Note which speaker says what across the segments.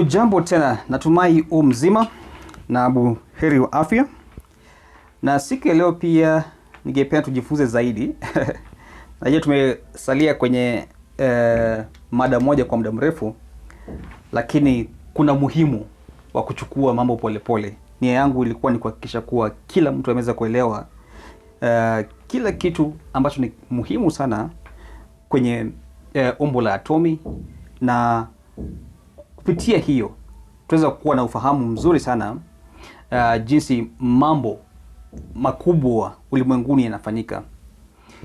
Speaker 1: Hujambo tena, natumai u mzima na buheri wa afya. Na siku ya leo pia ningependa tujifunze zaidi najua tumesalia kwenye eh, mada moja kwa muda mrefu, lakini kuna muhimu wa kuchukua mambo polepole. Nia yangu ilikuwa ni kuhakikisha kuwa kila mtu ameweza kuelewa eh, kila kitu ambacho ni muhimu sana kwenye eh, umbo la atomi na kupitia hiyo tunaweza kuwa na ufahamu mzuri sana uh, jinsi mambo makubwa ulimwenguni yanafanyika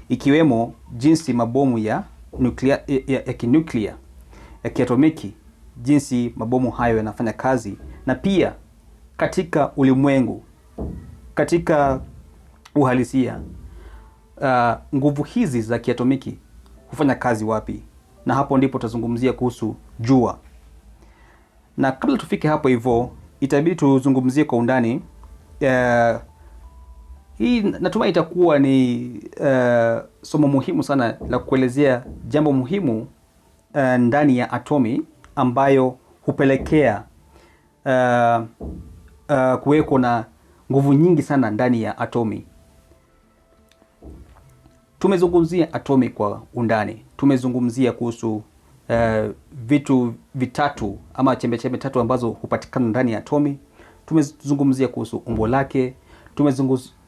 Speaker 1: ikiwemo jinsi mabomu ya nuklia, ya, ya kinuklia ya kiatomiki jinsi mabomu hayo yanafanya kazi na pia katika ulimwengu katika uhalisia uh, nguvu hizi za kiatomiki hufanya kazi wapi, na hapo ndipo tutazungumzia kuhusu jua na kabla tufike hapo hivyo, itabidi tuzungumzie kwa undani uh, hii natumai itakuwa ni uh, somo muhimu sana la kuelezea jambo muhimu uh, ndani ya atomi ambayo hupelekea uh, uh, kuweko na nguvu nyingi sana ndani ya atomi. Tumezungumzia atomi kwa undani, tumezungumzia kuhusu uh, vitu vitatu ama chembechembe tatu ambazo hupatikana ndani ya atomi. Tumezungumzia kuhusu umbo lake,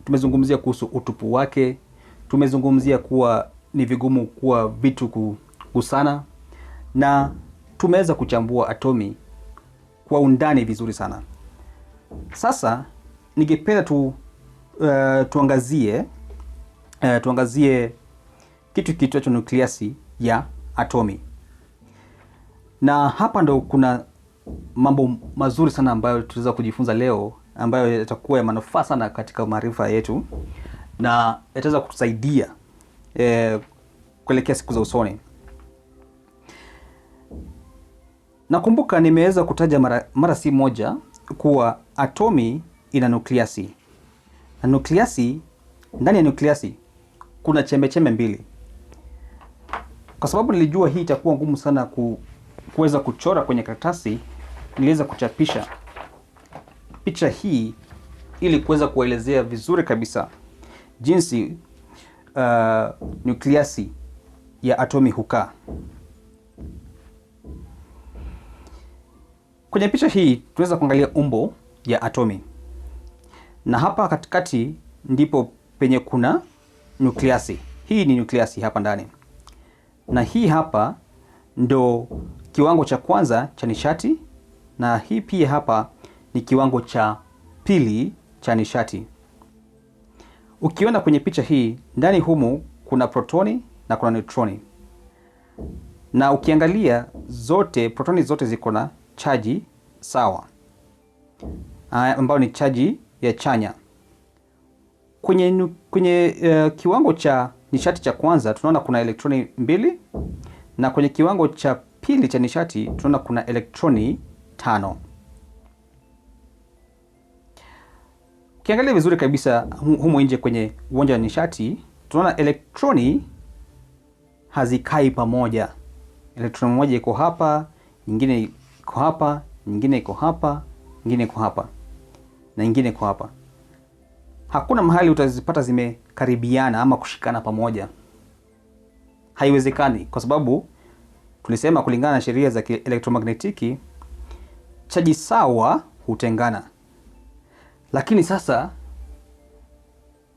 Speaker 1: tumezungumzia, kuhusu utupu wake, tumezungumzia kuwa ni vigumu kuwa vitu kugusana, na tumeweza kuchambua atomi kwa undani vizuri sana. Sasa ningependa tu uh, tuangazie uh, tuangazie kitu kiitwacho nukliasi ya atomi. Na hapa ndo kuna mambo mazuri sana ambayo tuliweza kujifunza leo ambayo yatakuwa ya manufaa sana katika maarifa yetu na yataweza kutusaidia eh, kuelekea siku za usoni. Nakumbuka nimeweza kutaja mara, mara si moja kuwa atomi ina nukliasi na nukliasi, ndani ya nukliasi kuna chembechembe mbili. Kwa sababu nilijua hii itakuwa ngumu sana ku kuweza kuchora kwenye karatasi, niliweza kuchapisha picha hii ili kuweza kuelezea vizuri kabisa jinsi uh, nyukliasi ya atomi hukaa. Kwenye picha hii tunaweza kuangalia umbo ya atomi, na hapa katikati ndipo penye kuna nyukliasi. Hii ni nyukliasi hapa ndani, na hii hapa ndo kiwango cha kwanza cha nishati na hii pia hapa ni kiwango cha pili cha nishati. Ukiona kwenye picha hii, ndani humu kuna protoni na kuna neutroni, na ukiangalia zote, protoni zote ziko na chaji sawa, ah, ambayo ni chaji ya chanya. Kwenye, kwenye uh, kiwango cha nishati cha kwanza tunaona kuna elektroni mbili, na kwenye kiwango cha kipindi cha nishati tunaona kuna elektroni tano. Ukiangalia vizuri kabisa humo nje kwenye uwanja wa nishati tunaona elektroni hazikai pamoja. Elektroni moja iko hapa, nyingine iko hapa, nyingine iko hapa, nyingine iko hapa na nyingine iko hapa. Hakuna mahali utazipata zimekaribiana ama kushikana pamoja, haiwezekani kwa sababu Tulisema kulingana na sheria za kielektromagnetiki chaji sawa hutengana, lakini sasa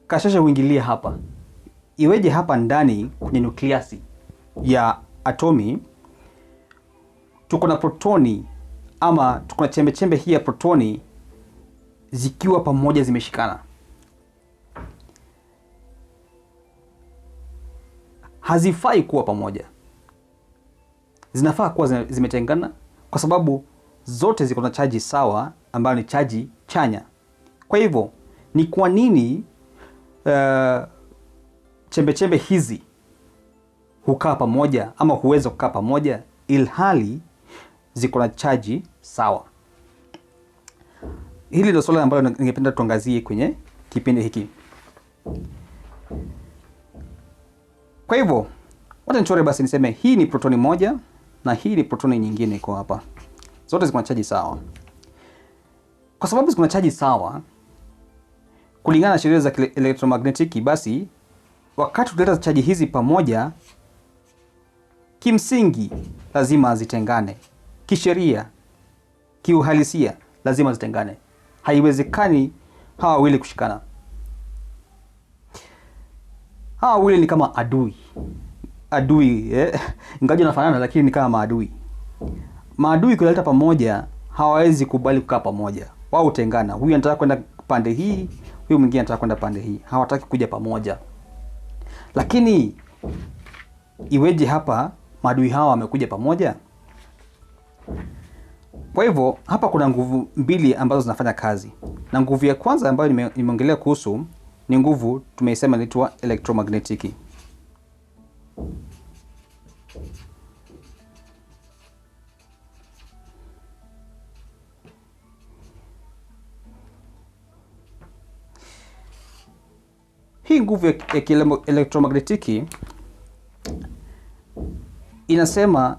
Speaker 1: kashasha huingilia hapa. Iweje hapa ndani kwenye nukliasi ya atomi tuko na protoni ama tuko na chembechembe hii ya protoni zikiwa pamoja zimeshikana, hazifai kuwa pamoja zinafaa kuwa zimetengana kwa sababu zote ziko na chaji sawa ambayo ni chaji chanya. Kwa hivyo ni kwa nini uh, eh, chembechembe hizi hukaa pamoja ama huweza kukaa pamoja ilhali ziko na chaji sawa? Hili ndio swala ambalo ningependa tuangazie kwenye kipindi hiki. Kwa hivyo wata nichore basi, niseme hii ni protoni moja na hii ni protoni nyingine iko hapa, zote ziko na chaji sawa. Kwa sababu ziko na chaji sawa kulingana na sheria za elektromagnetiki, basi wakati tuleta chaji hizi pamoja, kimsingi lazima zitengane. Kisheria, kiuhalisia, lazima zitengane. Haiwezekani hawa wawili kushikana. Hawa wawili ni kama adui adui eh, ingawa nafanana lakini ni kama maadui. Maadui kuleta pamoja hawawezi kubali kukaa pamoja, wao utengana. Huyu anataka kwenda pande hii, huyu mwingine anataka kwenda pande hii, hawataki kuja pamoja. Lakini iweje hapa maadui hawa wamekuja pamoja? Kwa hivyo hapa kuna nguvu mbili ambazo zinafanya kazi, na nguvu ya kwanza ambayo nimeongelea kuhusu ni nguvu tumeisema inaitwa electromagnetiki. Hii nguvu ya kielektromagnetiki inasema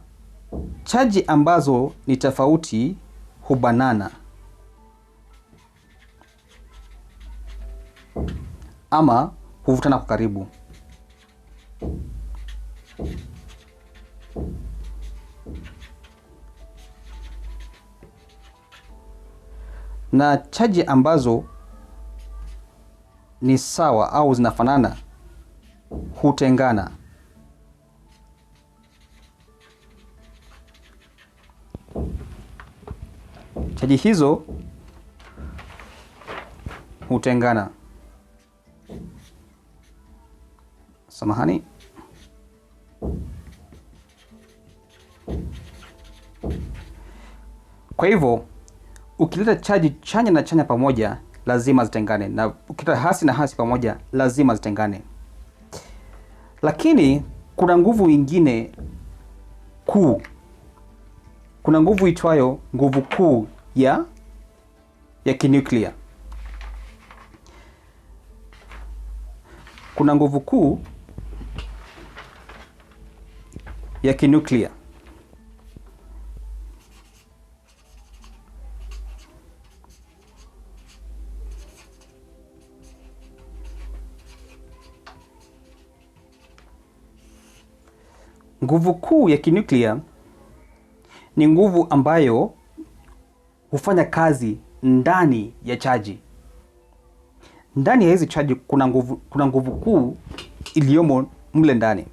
Speaker 1: chaji ambazo ni tofauti hubanana ama huvutana kwa karibu. na chaji ambazo ni sawa au zinafanana hutengana. Chaji hizo hutengana. Samahani. Kwa hivyo ukileta chaji chanya na chanya pamoja lazima zitengane, na ukileta hasi na hasi pamoja lazima zitengane. Lakini kuna nguvu nyingine kuu, kuna nguvu itwayo nguvu kuu ya ya kinuklia. Kuna nguvu kuu ya kinuklia. Nguvu kuu ya kinuklia ni nguvu ambayo hufanya kazi ndani ya chaji. Ndani ya hizi chaji kuna nguvu, kuna nguvu kuu iliyomo mle ndani,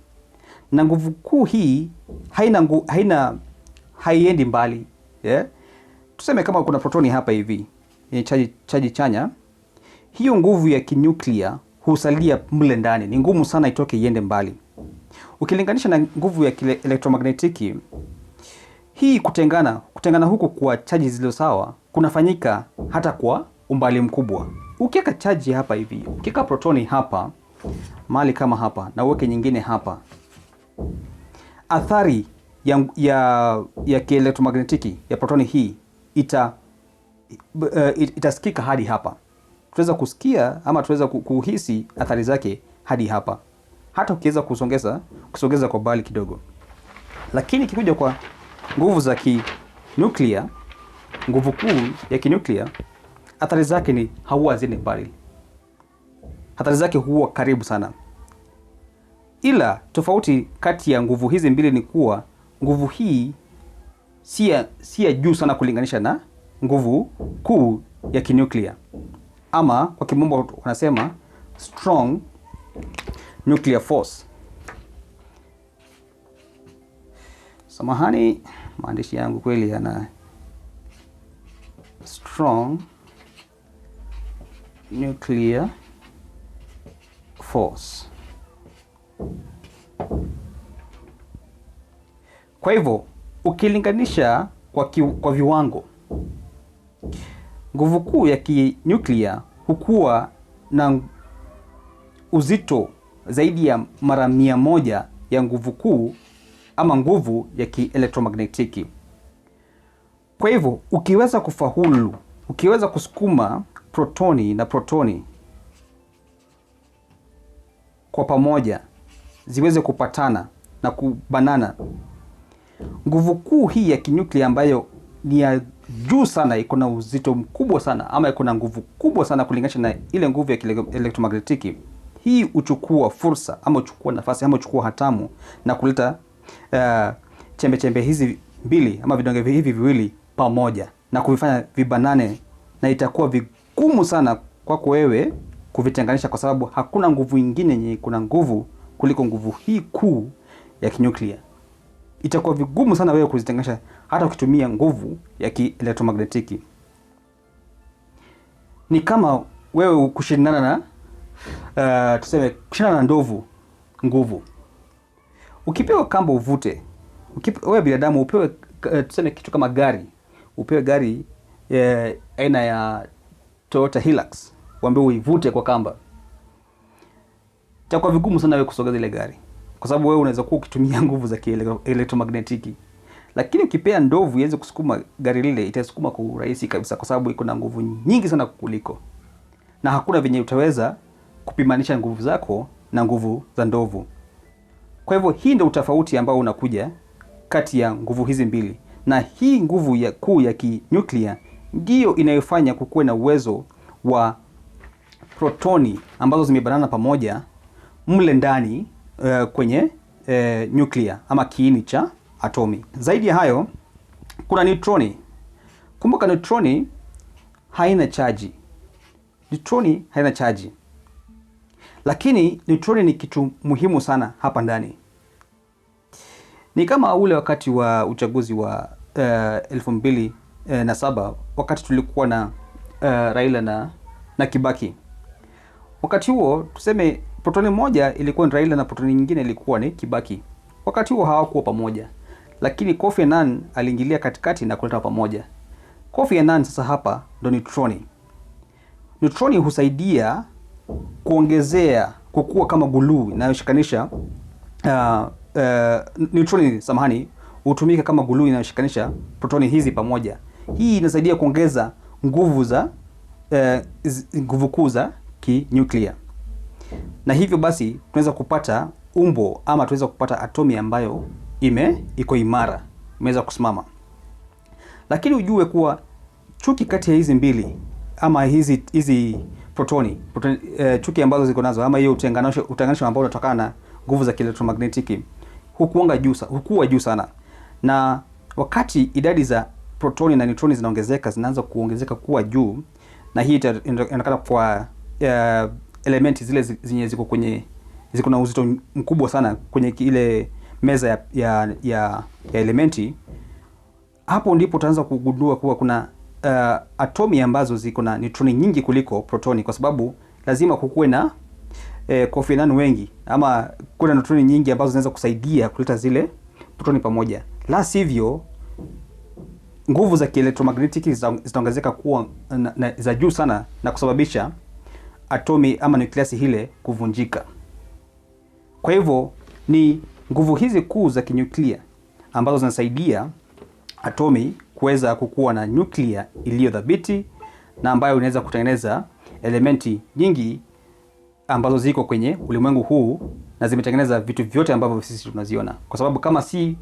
Speaker 1: na nguvu kuu hii haina ngu, haina haiendi mbali yeah? Tuseme kama kuna protoni hapa hivi yenye eh, chaji, chaji chanya, hiyo nguvu ya kinuklia husalia mle ndani, ni ngumu sana itoke iende mbali. Ukilinganisha na nguvu ya kielektromagnetiki hii, kutengana kutengana huku kwa chaji zilizo sawa kunafanyika hata kwa umbali mkubwa. Ukiweka chaji hapa hivi, ukiweka protoni hapa mali kama hapa na uweke nyingine hapa, athari ya, ya, ya kielektromagnetiki ya protoni hii ita uh, itasikika hadi hapa. Tunaweza kusikia ama tunaweza kuhisi athari zake hadi hapa hata ukiweza kusongeza kusongeza kwa mbali kidogo. Lakini ikikuja kwa nguvu za kinuklia, nguvu kuu ya kinuklia, athari zake ni huwa zile mbali, athari zake huwa karibu sana, ila tofauti kati ya nguvu hizi mbili ni kuwa nguvu hii si ya juu sana kulinganisha na nguvu kuu ya kinuklia, ama kwa kimombo wanasema strong nuclear force. Samahani, maandishi yangu kweli yana strong nuclear force. Kwa hivyo ukilinganisha kwa, ki, kwa viwango, nguvu kuu ya kinyuklia hukuwa na uzito zaidi ya mara mia moja ya nguvu kuu ama nguvu ya kielektromagnetiki. Kwa hivyo ukiweza kufahulu ukiweza kusukuma protoni na protoni kwa pamoja ziweze kupatana na kubanana, nguvu kuu hii ya kinyuklia ambayo ni ya juu sana, iko na uzito mkubwa sana, ama iko na nguvu kubwa sana kulinganisha na ile nguvu ya kielektromagnetiki hii huchukua fursa ama huchukua nafasi ama huchukua hatamu na kuleta uh, chembe chembe hizi mbili ama vidonge hivi viwili pamoja na kuvifanya vibanane, na itakuwa vigumu sana kwako wewe kuvitenganisha, kwa sababu hakuna nguvu ingine yenye kuna nguvu kuliko nguvu hii kuu ya kinyuklia. Itakuwa vigumu sana wewe kuzitenganisha hata ukitumia nguvu ya kielektromagnetiki. Ni kama wewe kushindana na uh, tuseme kushinda na ndovu nguvu. Ukipewa kamba uvute, wewe binadamu upewe uh, tuseme kitu kama gari, upewe gari uh, aina ya Toyota Hilux, uambie uivute kwa kamba, itakuwa vigumu sana wewe kusogeza ile gari, kwa sababu wewe unaweza kuwa ukitumia nguvu za kielektromagnetiki lakini ukipea ndovu iweze kusukuma gari lile, itasukuma kwa urahisi kabisa, kwa sababu iko na nguvu nyingi sana kuliko, na hakuna venye utaweza kupimanisha nguvu zako na nguvu za ndovu. Kwa hivyo hii ndio utofauti ambao unakuja kati ya nguvu hizi mbili, na hii nguvu ya kuu ya kinyuklia ndiyo inayofanya kukuwe na uwezo wa protoni ambazo zimebanana pamoja mle ndani uh, kwenye uh, nyuklia ama kiini cha atomi. Zaidi ya hayo, kuna neutroni. Kumbuka neutroni haina chaji, neutroni haina chaji. Lakini nitroni ni kitu muhimu sana hapa ndani. Ni kama ule wakati wa uchaguzi wa uh, elfu mbili uh, na saba wakati tulikuwa na uh, Raila na, na Kibaki. Wakati huo tuseme protoni moja ilikuwa ni Raila na protoni nyingine ilikuwa ni Kibaki. Wakati huo hawakuwa pamoja, lakini Kofi nan aliingilia katikati na kuleta pamoja. Kofi nan sasa hapa ndo nitroni nitroni husaidia kuongezea kukua kama guluu inayoshikanisha uh, uh, neutroni samahani, hutumika kama guluu inayoshikanisha protoni hizi pamoja. Hii inasaidia kuongeza nguvu za uh, nguvu kuu za kinyuklia, na hivyo basi tunaweza kupata umbo ama tunaweza kupata atomi ambayo ime iko imara, imeweza kusimama. Lakini ujue kuwa chuki kati ya hizi mbili ama hizi hizi protoni, protoni eh, chuki ambazo ziko nazo ama hiyo utenganisho utenganisho ambao unatokana na nguvu za kielektromagnetiki hukuanga juu hukua juu sana, na wakati idadi za protoni na neutroni zinaongezeka zinaanza kuongezeka kuwa juu, na hii inaonekana kwa uh, elementi zile zenye ziko kwenye ziko na uzito mkubwa sana kwenye ile meza ya, ya, ya, ya elementi. Hapo ndipo utaanza kugundua kuwa kuna uh, atomi ambazo ziko na neutroni nyingi kuliko protoni, kwa sababu lazima kukuwe na eh, kovalent wengi ama kuna neutroni nyingi ambazo zinaweza kusaidia kuleta zile protoni pamoja, la sivyo nguvu za kielektromagnetic zitaongezeka kuwa na, na, za juu sana na kusababisha atomi ama nucleus hile kuvunjika. Kwa hivyo ni nguvu hizi kuu za kinyuklia ambazo zinasaidia atomi kuweza kukuwa na nyuklia iliyo thabiti na ambayo inaweza kutengeneza elementi nyingi ambazo ziko kwenye ulimwengu huu na zimetengeneza vitu vyote ambavyo sisi tunaziona, kwa sababu kama si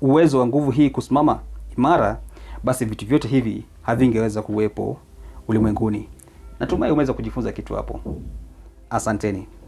Speaker 1: uwezo wa nguvu hii kusimama imara, basi vitu vyote hivi havingeweza kuwepo ulimwenguni. Natumai umeweza kujifunza kitu hapo. Asanteni.